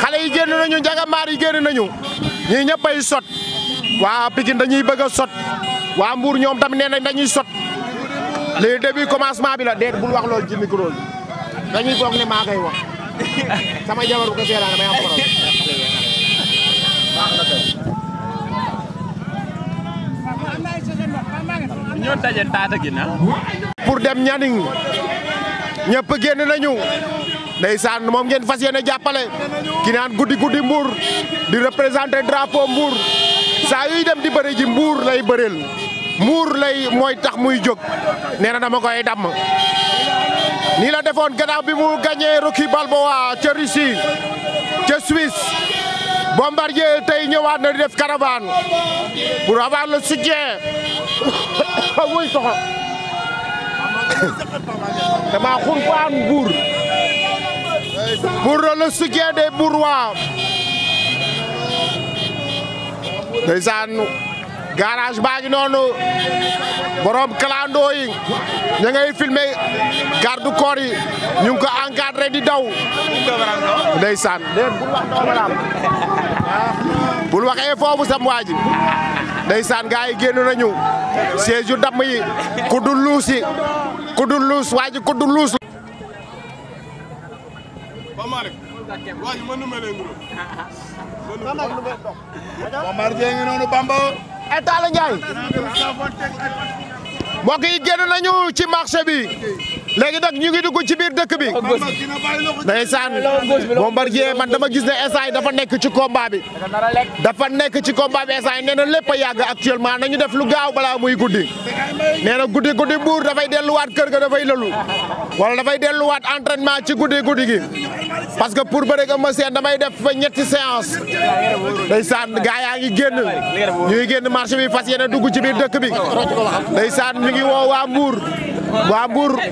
xale yi génn nañu njagamaar yi génn nañu ñii ñëpp ay sot waa Pikine dañuy bëgg sot waa Mbour ñoom tamit nee nañ dañuy sot lii début commencement bi la déet bul wax loolu ci micro dañuy boog ne maa koy wax sama jabar bu ko seelaan damay am problème baax na kay dem ñaning ñëpp génn nañu ndeysaan moom ngeen fas yéene jàppale ki naan guddi guddi mbuur di représenté drapeau mbuur saa yuy dem di bëri mbuur lay bëreel mbuur lay mooy tax muy jóg nee dama koy damm nii la defoon gannaaw bi mu gagné Rocky Balboa ca Russie ca Suisse Bombardier tey ñëwaat na di def caravane pour avoir le soutien wuy soxo dama xun mbuur pour le soutien des Bourrois ndeysaan garage baa noonu borom clando yi ña garde corps yi ñu ngi ko encadré di daw ndeysaan bul waxee foofu sam waa ji ndeysaan gaa nañu siège yu damm yi ku waa ñu mën na mel ni Bombardier ngi noonu Bamba. Talla Ndiaye. ci marché bi. léegi nag ñu ngi dugg ci biir dëkk bi ndeysaan Bombardier man dama gis ne instant yi dafa nekk ci combat bi dafa nekk ci combat bi instant yi nee na lépp a yàgg actuellement nañu def lu gaaw balaa muy guddi nee na guddi guddi mbuur dafay delluwaat kër ga dafay lëlu wala dafay delluwaat entraînement ci guddi guddi gi parce que pour bëre Eumeu Sène damay def fa ñetti séance ndeysaan gaa yaa ngi génn ñu ngi génn marché bi fas yéene dugg ci biir dëkk bi ndeysaan ñu ngi woo waa Mbour waa Mbour. fi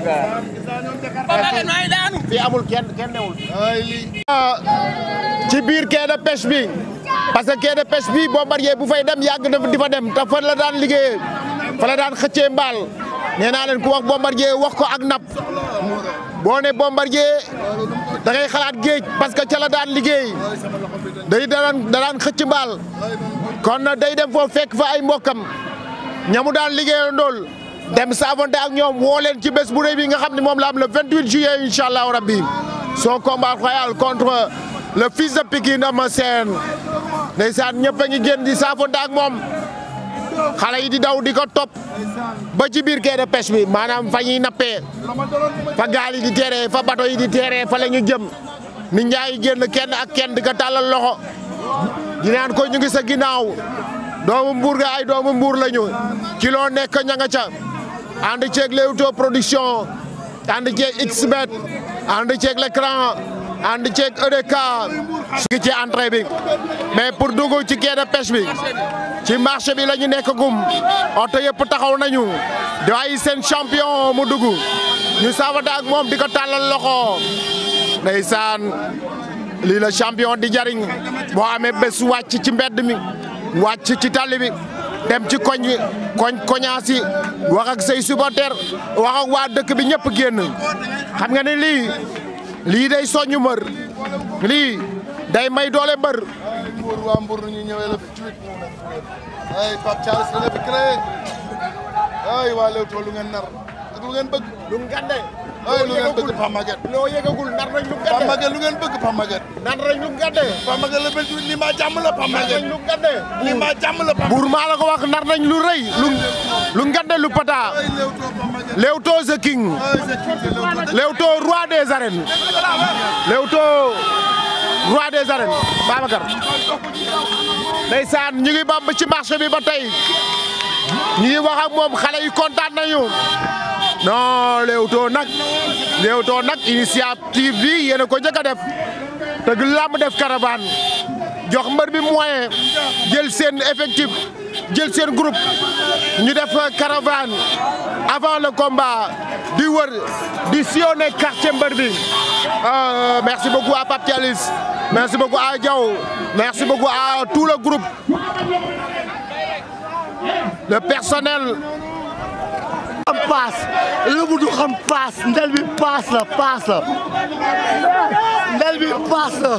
ci biir quai de pêche bi parce que quai de pêche bi Bombardier bu fay dem yàgg na di fa dem te fa la daan liggéeyee fa daan xëccee mbaal nee naa leen ku wax Bombardier wax ko ak napp boo ne Bombardier da ngay xalaat géej parce que cala daan liggéey day daan daan xëcc mbaal kon day dem foofu fekk fa ay mbokkam ñamu daan liggéeyoon lool. dem saavonte ak ñoom woo leen ci bés bu rëy bii nga xam ne moom la am le 28 juillet incha allahu rabbi son combat royal contre le fils de Pikine Eumeu Sène ndeysaan ñëpp a ñi génn di saavonte ak moom xale yi di daw di ko topp ba ci biir quai de pêche bi maanaam fa ñuy nappee fa gaal yi di teeree fa bato yi di teeree fa la ñu jëm ni njaay génn kenn ak kenn di ko tàllal loxo di naan ko ñu ngi sa ginnaaw doomu mbuur ga ay doomu mbuur lañu ci loo nekk ña nga ca ànd ceeg Leewtoo production ànd ceeg Xbet ànd ceeg l'écran ànd ceeg EDK ci entrée bi mais pour dugg ci quai de pêche bi ci marché bi la ñu nekk gum oto yëpp taxaw nañu waaye seen champion mu dugg ñu saafata ak moom di ko tàllal loxo ndeysaan lii la champion di jariñ boo amee bés wàcc ci mbedd mi wàcc ci tali bi dem ci koñ koñ koñaasi wax ak say supporter wax dëkk bi ñëpp génn xam nga ne lii lii day sooñu mbër lii day may doole mbër. waa Mbour ñu ñëwee la fi ay Pape lu ngeen loo yëgagul loo yëgagul nar nañ lu gàddee lu ngeen bëgg Pape Maguette. nar nañ lu gàddee. Pape Maguette la benn tuuti lii maa jàmm la Pape Maguette. nar nañ lu gàddee. lii maa jàmm la Pape. buur lu lu lu gàddee lu pata. Leewtoo the king. Leewtoo roi des arènes. ci marché bi ba tey ñu ngi moom xale yi kontaan nañu. non Leewtoo nag Leewtoo nag initiative bi yéen ko njëkk a def te làmb def caravane jox mbër bi moyen jël seen effective jël seen groupe ñu def caravane avant le combat di wër di sillonner quartier mbër bi euh, merci beaucoup à Pape Thialis merci beaucoup à Diaw merci beaucoup à tout le groupe le personnel am paas lëbu du xam paas ndel bi paas la paas la ndel bi paas la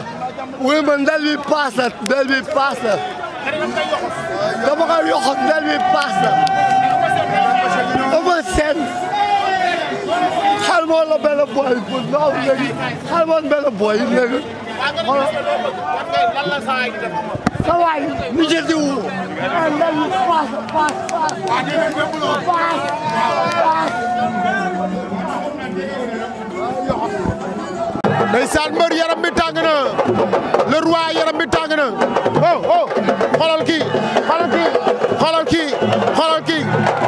wuy ma ndel bi paas la ndel bi paas la dama koy yoxot ndel bi paas la ama seen xal moon la benn boy bu naaw léegi xal moon benn boy léegi sa waay ñu jël di wu. lan paas paas yaram bi tàng na le roi yaram bi tàng na oh oh xoolal kii xoolal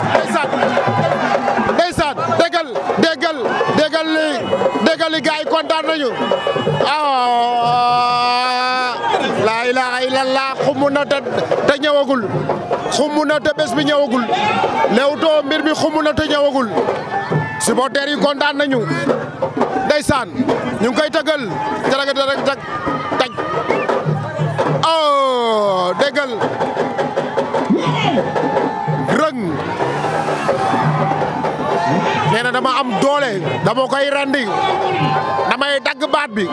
Saly gars yi kontaan nañu ah laa ilaha illallah xumu na te te xumu na te bés bi ñëwagul Leewtoo mbir mi xumu na te ñëwagul supporters yi kontaan nañu ndeysaan ñu ngi koy tëggal jërëjëf jërëjëf taj taj oh déggal rëng. nee na dama am doole dama koy randi damay dagg baat bi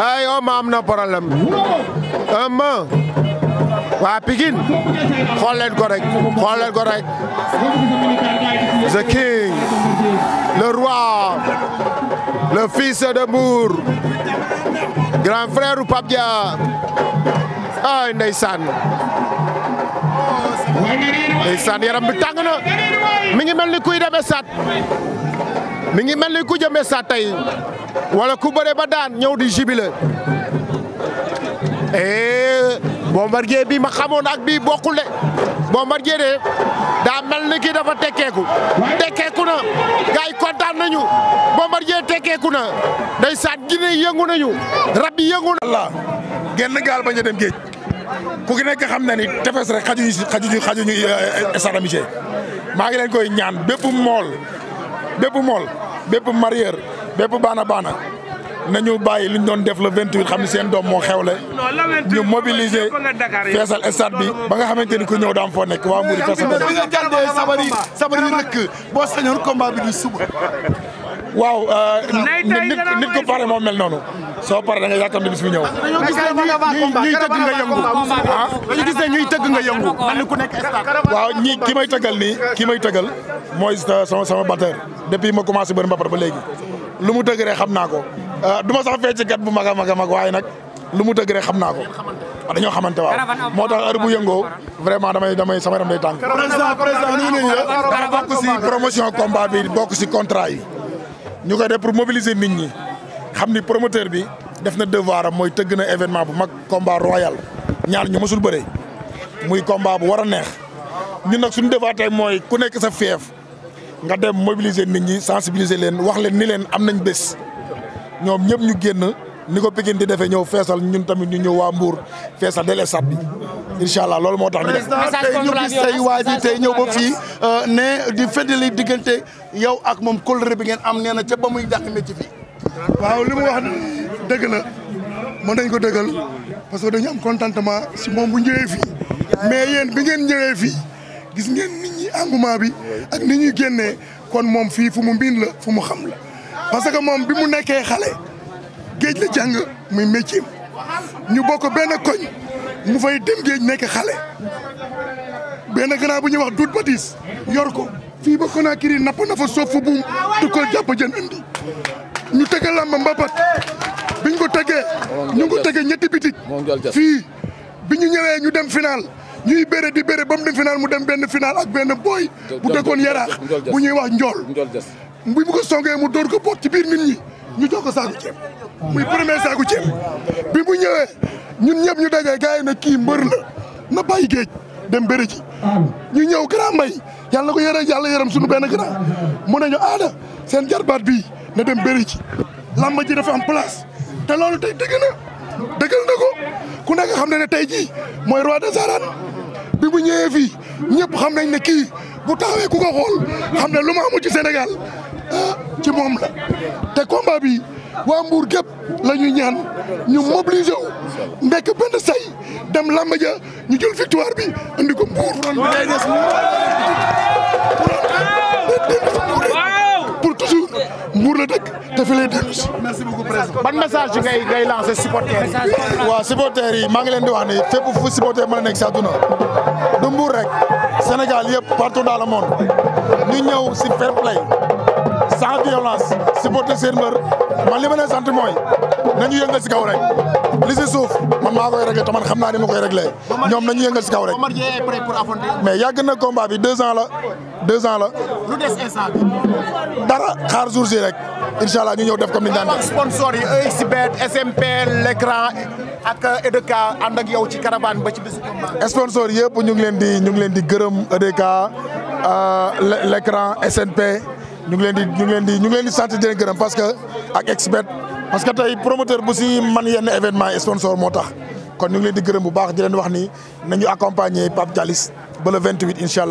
ay Eumeu oh, am na problème Eumeu waa Pikine xool leen ko rek xool leen ko rek the king roi le fils de grand frère u Pape Dia ay ndeysaan ndeysaan yaram bi tàng na mi ngi mel ni kuy demee saat mi ngi mel ni ku jëmee saat tey wala ku bare ba daan ñëw di jubile ee eh, Bombardier bi ma xamoon ak bii bokkule de Bombardier de daa mel ni ki dafa tekkeeku tekkeeku na gars kontaan nañu Bombardier tekkeeku na ndeysaan Guinée yëngu nañu rab yi yëngu na. genn gaal bañ a dem géej. ku ki nekk xam na ni tefes rek xajuñu si xajuñu xajuñu eh, eh, stade Amitié maa ngi leen koy ñaan bépp mool bépp mool bépp marieur bépp baana baana nañu bàyyi li ñu doon def le 28 xam ne seen doom moo xew xewle ñu mobiliser feesal stade bi ba nga xamante ni ku ñëw daam foo nekk waa Mouride feesal. bu ñu jàndee sabar yi sabar rëkk boo sañoon combat bi suba. waaw. nit nit ku pare moo mel noonu. soo pare da nga yàkkam bis bi ñëw. dañoo gis ne ñuy tëgg nga yëngu ah ñuy tëgg nga yëngu. man ku nekk waaw ñi ki may tëggal nii ki may tëggal mooy sama sama batteur depuis ma commencé bëri mbapat ba léegi lu mu tëgg rek xam naa ko euh, du ma sax fecc kat bu mag a mag a mag waaye nag lu mu tëgg rek xam naa ko. dañoo xamante waaw moo tax heure bu yëngoo vraiment damay damay sama yaram day tànk. président président ñu ngi nuyu la bokk si promotion combat bi bokk si contrat yi. ñu koy def pour mobiliser nit ñi xam ni promoteur bi def na devoir am mooy tëgg na événement bu mag combat royal ñaar ñu mësul bëre muy combat bu war a neex ñu nag suñu devoir tey mooy ku nekk sa fief nga dem mobiliser nit ñi sensibiliser leen wax leen ni leen am nañ bés ñoom ñëpp ñu génn. ni ko Pikine di defee ñëw feesal ñun tamit ñu ñëw waa Mbour feesal del stade bi incha allah loolu moo tax ñu def tey ñu gis tey waa ji tey ñëw ba fii euh, ne di feddali diggante yow ak moom kóllëre bi ngeen am nee na ca ba muy dàq métti fii waaw li mu wax dëgg la mën nañ ko dëggal parce que dañu am contentement si moom bu ñëwee fii mais yéen bi ngeen ñëwee fii gis ngeen nit ñi engouement bi ak nit ñuy génnee kon moom fii fu mu mbiin la fu mu xam la parce que moom bi mu nekkee xale géej la jàng muy métier ñu bokk benn koñ mu fay dem géej nekk xale benn gannaaw bu ñuy wax duut batis yor ko fii ba Conakry napp na fa soof fa buum du ko jàpp jën indi ñu tege làmb mbapat biñ ko tegee ñu ngi ko tegee ñetti bitik fii bi ñu ñëwee ñu dem final ñuy béré di béré ba mu dem final mu dem benn final ak benn booy bu dëkkoon yaraax bu ñuy wax njool bu mu ko songee mu dóor ko boot ci biir nit ñi ñu jox ko saako ceeb muy premier saako ceeb bi mu ñëwee ñun ñëpp ñu dajee gars yi ne kii mbër la na bàyyi géej dem bëri ji ñu ñëw grand mbay yàlla ko yore yàlla yaram suñu benn grand mun ne ñu aada seen jarbaat bi na dem bëri ji làmb ji dafa am place te loolu tey dëgg na dëggal na ko ku nekk xam ne ne tey ji mooy roi des arènes bi mu ñëwee fii ñëpp xam nañ ne kii bu taawee ku ko xool xam ne lu ma amul ci Sénégal ci moom la te combat bi waa mbuur gépp la ñuy ñaan ñu mobiliser wu nekk say dem làmb ja ñu jël victoire bi andi ko Mbour. pour toujours Mbour la dëkk te fi lay dellu si. merci beaucoup président ban message ngay ngay lancer supporters yi. waaw supporters yi maa di wax nii fépp fu supporter mën nekk si àdduna du Mbour rek Sénégal yëpp partout dans le monde ñu ñëw si fair sans violence supporter seen mbër man li ma leen sant mooy nañu yëngal si kaw rek li si suuf man maa koy réglé xam naa ni ma koy réglé ñoom nañu yëngal si kaw rek mais yàgg na combat bi deux ans la deux ans la lu des instant bi dara xaar jour si rek incha allah ñu ñëw def comme ni ñu daan def sponsor yi EXBET SMP l'écran ak EDK euh, e ànd ak yow ci caravane ba ci bis combat sponsor yëpp ñu ngi leen di ñu ngi leen di gërëm EDK euh, l'écran SNP ñu ngi leen di ñu ngi leen di ñu di sant di leen gërëm parce que ak expert parce que tey promoteur bu si man yenn événement sponsor moo tax kon ñu ngi leen di gërëm bu baax di leen wax ni nañu accompagner Pape Thialis ba le 28 incha allah.